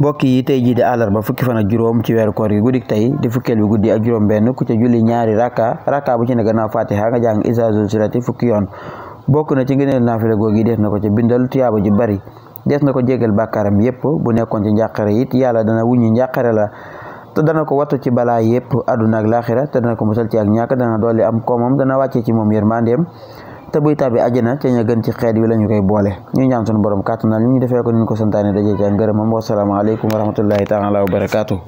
mbokk yi tey jii di àllarba fukki fan juróom ci weeru koor gi guddik tey di fukkeel bi guddi ak juróom benn ku ca julli ñaari raka raka bu ci ne gannaaw fatiha nga jàng isa zulzilati fukki yoon bokk na ci ngëneel naafila googi des na ko ci bindal tuyaaba ju bari des na ko jégal bàkkaaram yépp bu nekkoon ci njàqare yit yàlla dana wuññi njàqare la te dana ko wattu ci balaa yépp àdduna ak laaxira te dana ko musal ci ak ñàkk dana dolli am koomam dana wàccee ci moom yërmandeem te buy tàbbi àjjana ca ña gën ci xeet wi la ñu koy boole ñu ñaan sunu borom kàttanal ñu defee ko ni ñu ko santaane dajee ca ngërëmam wasalaamaaleykum wa rahmatullahi taala wa barakaatu